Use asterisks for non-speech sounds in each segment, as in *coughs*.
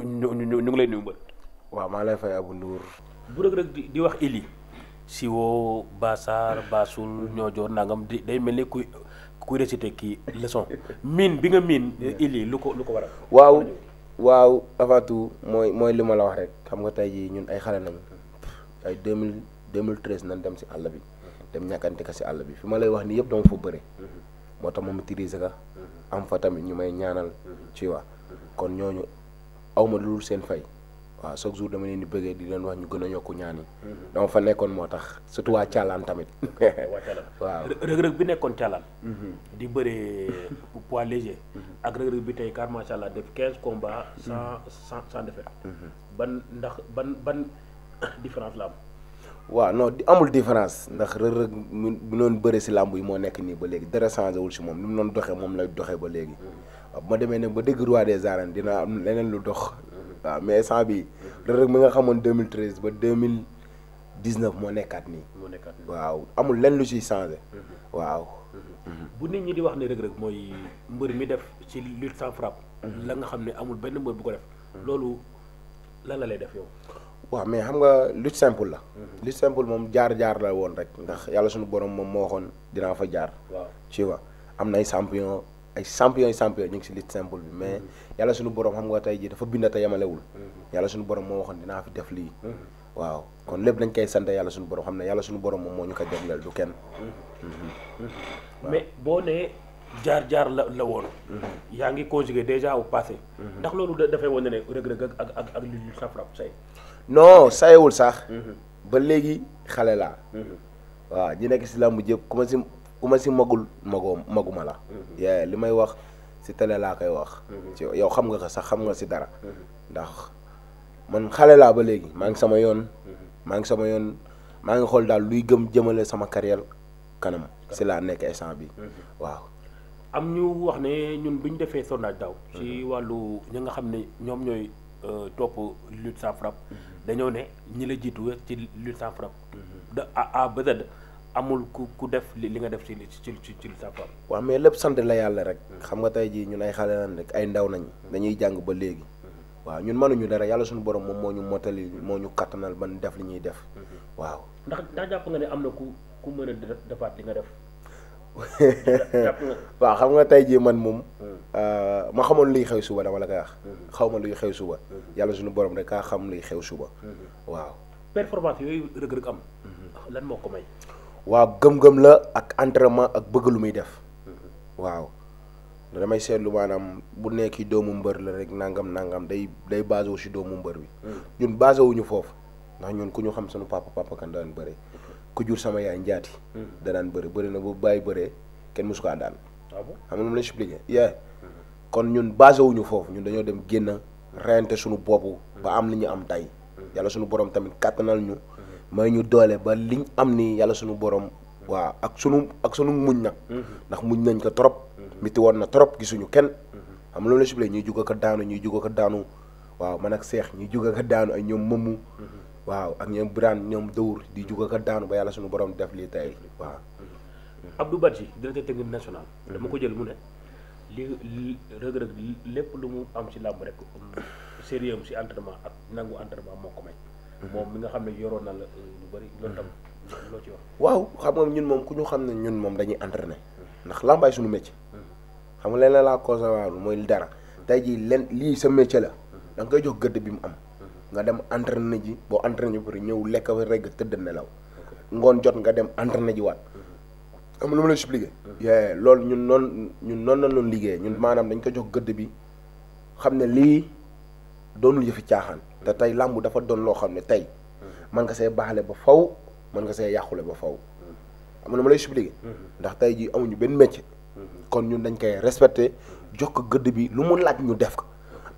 ñu ñu ñu ngi lay nuyu mbër. waaw maa lay fay Abou Ndour. bu Reug Reug di di wax Ili. Siwo Bassar Bassoul Niodior nangam di day mel ni kuy kuy récité kii leçon miin bi nga miin Ili lu ko lu ko waral. waaw waaw avant tout mooy mooy li ma la wax rek xam nga tey jii ñun ay xale nañu ay deux mille deux mille treize nañ dem si àll bi. dem ñàkkante ka si àll bi fi ma lay wax nii yëpp dama fa bëre. Mhm. moo tax ma maîtriser ka mhm. am fa tamit ñu may ñaanal. ci mhm. waa kon ñooñu. awma lu dul seen fay waaw chaque jour dama leen ni bëggee di leen wax ñu gën a yokk ñaan mhm. dama fa nekkoon moo tax surtout waa Thialane tamit *laughs* *laughs* waaw rëg bi nekkoon Thialane mhm. di bëree *laughs* poids léger mhm. bi tey car macha allah def quinze combats sans sans sans défaite ban ndax ban ban *coughs* différence la am waaw non amul différence ndax rëg-rëg mu noonu bëre si làmb yi moo nekk nii ba léegi dara changé wul si moom nu mu noonu doxee moom lay doxee ba léegi bu ma demee nag ba dégg roi des arènes dina am leneen lu dox. waaw mais instant bi Reug Reug mi nga xamoon 2013 ba 2019 moo nekkaat nii. moo nekkaat nii waaw amul len lu ciy changé. Mhm. waaw. Mhm. bu nit ñi di wax ne Reug Reug mooy mbër mi def ci lutte sans frappe. Mhm. la nga xam ne amul benn mbër bu ko def. loolu lan la lay def yow. waaw mais xam nga lutte simple la. lutte simple moom jaar-jaar la woon rek. ndax yàlla suñu borom moom moo waxoon dinaa fa jaar. waaw tu am na ay champion ay champion yi champion ñu ngi si lutte simple bi mm-hmm. mais yàlla suñu borom xam nga tey jii dafa bind te yemalewul mm-hmm. yàlla suñu borom moo waxoon dinaa fi def lii mm-hmm. waaw kon lépp dañ koy sant yàlla suñu borom xam ne yàlla suñu borom moom moo ñu ko jagleel du kenn mais boo nee jaar jaar la la woon yaa ngi conjugué déjà au passé ndax loolu dafay wane ne Reug Reug ak ak ak li ñu safrab say non sayewul sax ba léegi xale laa waaw ñi nekk si làmb jëpp commencé ku ma si magul magoo maguma la mhm. yee li may wax si télé laa koy wax mhm. yow xam nga ko sax xam nga si dara mhm. ndax man xale laa ba léegi maa ngi sama yoon maa ngi sama yoon maa ngi xool daal luy gëm jëmale sama carrière kanam si laa nekk instant bi waaw am ñu wax ne ñun bu ñu defee sondage daaw ci wàllu ñi nga xam ne ñoom ñooy euh, topp lutte sans frappe dañoo ne ñi la jiitu ci lutte sans frappe de amul ku ku def li nga def ci ci ci ci sa femme. waaw lépp sant la yàlla rek. xam nga tey jii ñun ay xale lan rek ay ndaw nañ mm-hmm. dañuy jàng ba léegi. Mm-hmm. waaw ñun mënuñu dara yàlla suñu borom moom moo ñu mottali moo ñu kattanal man def li ñuy def. Mm-hmm. waaw ndax ndax jàpp nga ne am na ku ku mën a li nga def. *laughs* waaw xam nga tey jii man moom. Mm. Euh, ma xamoon luy xew suba dama la koy wax. xaw ma luy xew suba. yàlla suñu borom rek kaa xam luy xew suba. waaw. performance yooyu rëg-rëg am. lan moo ko may. waaw gëm-gëm la ak entraînement ak bëgg lu muy def waaw damay seetlu maanaam bu nekki doomu mbër la rek nangam nangam day day basé wu si doomu mbër bi hmm. ñun basé wuñu foofu ndax ñun ku ñu xam sunu papa papa kan daan bëre hmm. ku jur sama yaay njaati hmm. danaan bëre bëri na bu bàyyi bëree kenn mosu daan ah xam nga moom la expliqué yee kon ñun basé wuñu foofu ñun dañoo dem génn reyante suñu bopp ba am li ñu am tey yàlla suñu borom tamit kàttanal ñu may ñu doole ba liñ am nii yàlla suñu borom waaw ak sunu ak sunu muñ nag mm-hmm. ndax muñ nañ ko trop mm-hmm. miti woon na trop gisuñu kenn xam mm-hmm. loolu la ñuy jug ko daanu ñuy jug ko daanu waaw man ak seex ñuy jug ko daanu ay ñoom mëmu waaw ak ñoom biraan ñoom dawur di jug ko daanu ba yàlla suñu borom def lii tey waaw Abdou Badji directeur technique national dama ko jël mu ne li Reug Reug lépp lu mu am si làmb rek sérieux si entraînement ak nangu entraînement mokk ko may moom mi nga xam ne yoroon na la euh, lu bëri loolu tam loo ci wax. waaw xam nga ñun moom ku ñu xam ne ñun moom dañuy entraîner ndax làmbaay suñu métier xam nga leen la laa conservateur mooy dara tey jii len lii sa métier la da nga koy jox gëdd bi mu am nga dem entraîner ji boo entraîner ji ba pare ñëw lekk fa rek tëdd nelaw ngoon jot nga dem entraîner ji waat. am lu ma la expliqué. loolu ñun noonu ñun noon la loon liggéey ñun maanaam dañ ko jox gëdd bi xam ne lii doonul fi caaxaan. te tey làmb dafa doon loo xam ne tey man nga see baaxle ba faw man nga see yàqule ba faw am na ma lay expliquer ndax tey jii amuñu benn métier kon ñun dañ koy respecté jox ko gëdd bi lu mu laaj ñu def ko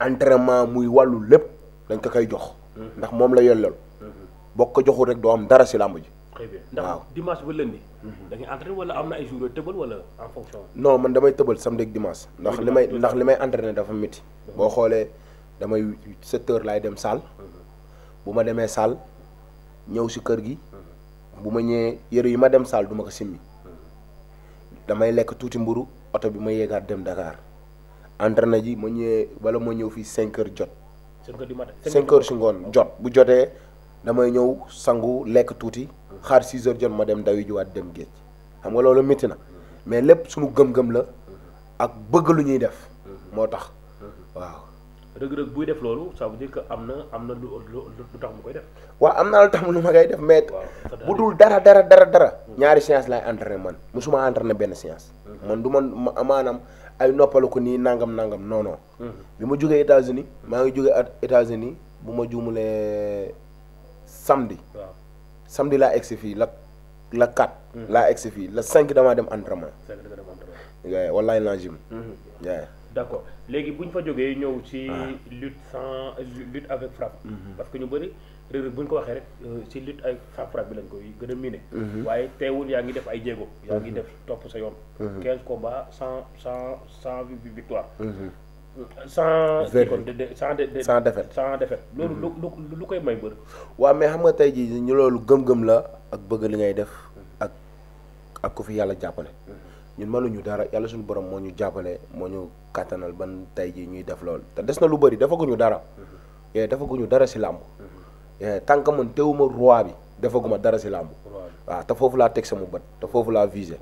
entraînement muy wàllu lépp dañ ko koy jox ndax moom la yellal boo ko joxul rek doo am dara si làmb ji ndax dimanche ba lundi da ngay entraîné wala am na ay jours tëbal wala en fonction non man damay tëbal samedi ak dimanche ndax li may ndax li may entraîné dafa métti boo xoolee damay sept heures laay dem salle bu ma demee salle ñëw si kër gi bu ma ñëwee yëre yi ma dem salle du ma ko simmi damay lekk tuuti mburu oto bi ma yéegaat dem Dakar entraîné ji ma ñëwee bala ma ñëw fii cinq heures jot cinq heures si ngoon jot bu jotee damay ñëw sangu lekk tuuti xaar six heures jot ma dem dawi juwaat dem géej xam nga loolu métti na mais lépp suñu gëm-gëm la ak bëgg lu ñuy def moo tax waaw rëg-rëg buy def loolu ça veut dire am na am na lu lu mu koy def. waaw am naa lu tax mu lu ma koy def mais. bu dul dara dara dara dara. Hmm. ñaari séance lay entraîné man musuma entraîné benn séance. Hmm. man du man maanaam ay noppalu ko nii nangam nangam non hmm. bi ma jógee États-Unis maa ngi jógee États-Unis bu ma juumulee samedi. waaw samedi laa egg fii la la 4. laa egg fii la 5 damaa dem entraînement. 5 damaa dem entraînement. walaay d' accord léegi bu ñu fa jógee ñëw ci. Ah. lutte sans lutte avec frappe. Mhm. parce que ñu bëri Reug Reug bu ñu ko waxee rek euh, ci lut avec sans bi lañ koy gën a miné. Mhm. waaye teewul yaa ngi def ay jéego. yaa ngi mhm. def topp sa yoon. 15 combats sans sans sans victoire. sans sans défaite sans défaite loolu lu lu koy may bëri. waaw mais xam nga tey jii ñu loolu gëm-gëm la ak bëgg li ngay def ak ak ko fi yàlla jàppale. ñun maluñu dara yàlla suñu borom moo ñu jàppale moo ñu kàttanal ban tey ji ñuy def lool te des na lu bëri defaguñu dara yee eh, defaguñu dara si làmb eh, tant que man teewuma roi bi defaguma dara si làmb waa te foofu laa teg sama bët te foofu laa visé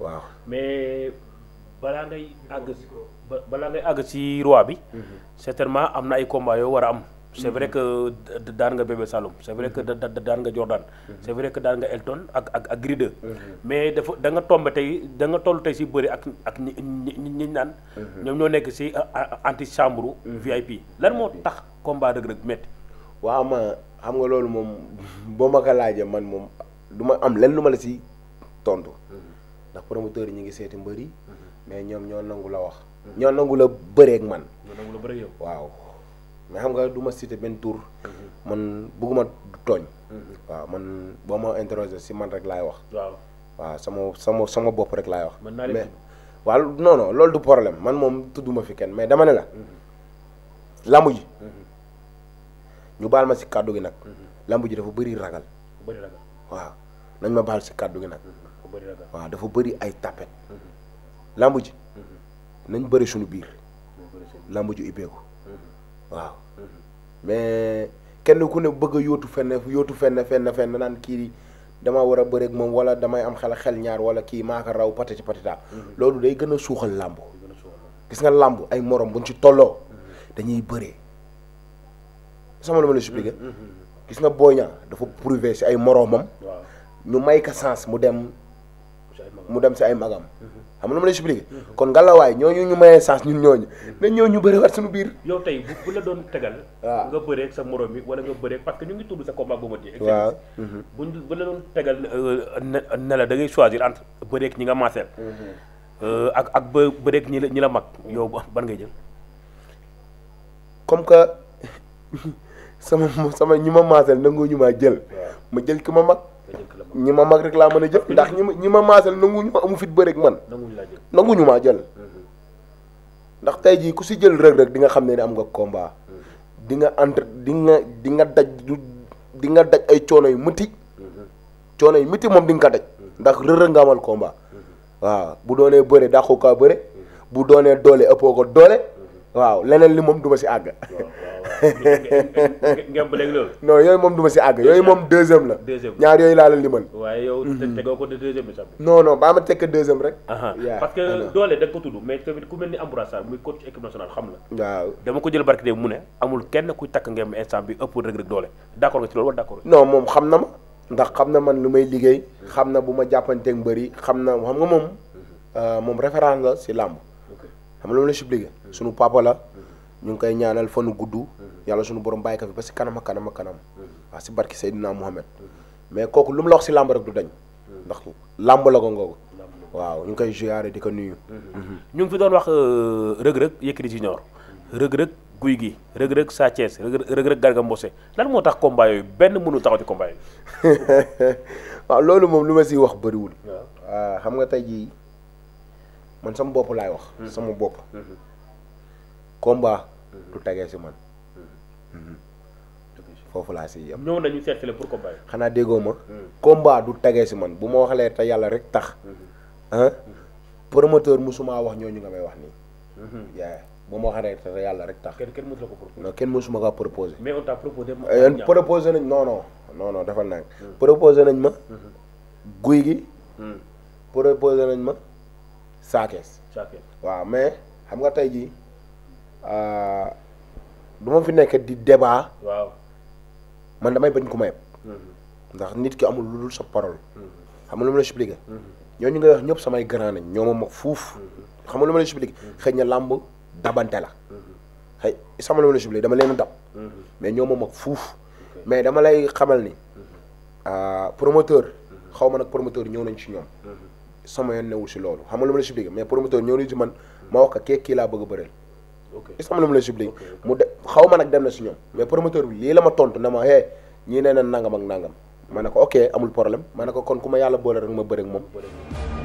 waaw mais bala ngay àgg balaa ngay àgg si roi bi mhm. certainement am na ay combat yoo war a am c'est vrai que daan nga Bébé Saloum c'est vrai que daan nga Jordan c'est vrai que daan nga Elton ak ak ak Gride mais dafa da nga tombe tey da nga toll tey si bëri ak ak ñi ñi naan ñoom ñoo nekk si anti chambre VIP lan moo tax combat Reug Reug metti waa ma xam nga loolu moom boo ma ko laajee man moom du ma am lenn lu ma la si tontu ndax promoteurs yi ñu ngi seeti mbër yi mais ñoom ñoo nangu la wax ñoo nangu la bëreeg man ñoo nangu la waaw mais xam nga du ma cité benn tour man bëgguma tooñ waaw man boo ma interrogé si man rek laay wax waaw sama sama sama bopp rek laay wax mais waaw non non loolu du problème man moom tudduma fi kenn mais dama ne la lamb ji ñu baal ma si kàddu gi nag lamb ji dafa bari ragal bëri ragal waaw nañ ma baal si kàddu gi nag bëri waaw dafa bëri ay tapet mhm. lamb ji mhm. nañ bëri suñu biir lamb ibbeeku waaw mais kenn ku ne bëgg yootu yóotu fenn yóotu fenn fenn fenn naan kii dama war a bëreeg moom wala damay am xel xel ñaar wala kii maaka raw patati patata mhm. loolu day gën a suuxal làmb gis nga làmb ay morom buñ ci tolloo mhm. dañuy bëree sama la ma la expliqué mhm. gis nga Boy Niang dafa prouvé si ay moroomam ñu may ka sens mu dem mu dem si ay magam xam nga ma lay expliqué kon ngalawaay ñoo ñu mayee chance ñun ñooñu nañ ñëw ñu bëri waat suñu biir yow tey bu bu la doon tegal waaw nga bëree sa morom bi wala nga bëree parce que ñu ngi tudd sa combat mhm. bu ma bu bu la tegal euh, ne la da ngay choisir entre bëreek ñi nga maaseel mhm. euh, ak ak ba bëreeg ñi la ñi la mag yow ban ngay jël comme que *laughs* sama sama ñi ma maaseel nangoo ñu maa jël ma jël ki ma mag ñi ma mag rek laa mën a jël ndax ñi ma ñi ma maasal nanguñu ma amu fit bëre ak man nanguñu maa jël mhm. ndax tey jii ku si jël Reug Reug di nga xam ne ni am nga combat mhm. di nga entre di nga di daj di nga daj ay coono yu mëti mhm. coono yu mëti moom di nga ko daj ndax Reug nga amal komba waaw bu doonee bëre dàqu kaa bëre bu doonee doole ëppoo ko doole waaw leneen li moom du ma si àgg ngemb léegi loolu non yooyu moom du si àgg yooyu moom deuxième la ñaar yooyu laa la limal waaye yow mhm. tegoo ko deuxième bi sax non non baa ma tekk deuxième rek parce que doole da ko tudd mais tamit ku mel ni Ambroise muy coach équipe nationale xam la waaw dama ko jël barke de mu ne amul kenn kuy takk ngemb instant bi ëpp Reug Reug doole d'accord nga ci loolu wala d'accord non moom xam na ma ndax xam na man lu may liggéey xam na bu ma jàppanteeg mbëri xam na xam nga moom mhm. euh, moom référence la si làmb xam nga lu ma la expliqué sunu papa la mhm. ñu ngi koy ñaanal fanu gudd yàlla suñu borom bàyyi ko fi ba si kanam ak kanam ak kanam waaw si barki Seydina mais kooku lu mu la wax si làmb rek du dañ ndax làmb la ko ngoogu waaw ñu ngi koy ziyaare di ko nuyu ñu ngi fi doon wax euh, rëg-rëg Yékini junior rëg-rëg guy gi rëg-rëg Sa Thiès rëg-rëg Garga Mbossé lan moo tax combat yooyu benn mënul taxaw ci combat yi *laughs* waaw loolu moom lu ma siy wax bëriwul ah, xam nga tey jii man sama bopp laay wax hmm. sama bopp hmm. combat du mm-hmm. tegee si man mm-hmm. Mm-hmm. foofu laa si yem. ñëw nañu seet la pour combat xanaa déggoo ma. combat du tegee si man bu ma waxalee te yàlla rek tax. ah promoteur musuma wax ñu nga may wax nii. yaa bu ma waxalee te yàlla rek tax. kenn kenn mësu la ko proposé. non kenn mësuma ko proposé. mais on t'a proposé. Eh, proposé nañ non non non non dafa nang mm. proposé nañ ma. guy gi. Mm. proposé nañ ma saakees. saakees mais xam nga tey jii. Euh, du ma fi nekk di débat. waaw man damay bañ ku ma yeb mhm. ndax nit ki amul lu dul sa parole. xam nga lu ma la ñoo ñu nga wax ñëpp samay grand nañ ñoo ma mag fuuf. xam nga lu ma la expliqué. Mhm. Mhm. xëy na làmb dabante la. xëy sama dama leen dab. mais ñoo ma mag fuuf. mais dama lay xamal ni euh, promoteur. xaw ma nag promoteur ñëw nañ ci ñoom. sama yoon newul si loolu xam nga lu ma la expliqué mais promoteur ñëw nañ ci man ma wax ko kii laa bëgg a bëreel. est-ce que la ma lay sublier mu de xaw ma nag dem na si ñoom mais promoteur bi lii la ma tontu ne ma hee ñii nee na nangam ak nangam ma ne ko ok amul problème ma ne ko kon ku ma yàlla boole rek ma bëri ak moom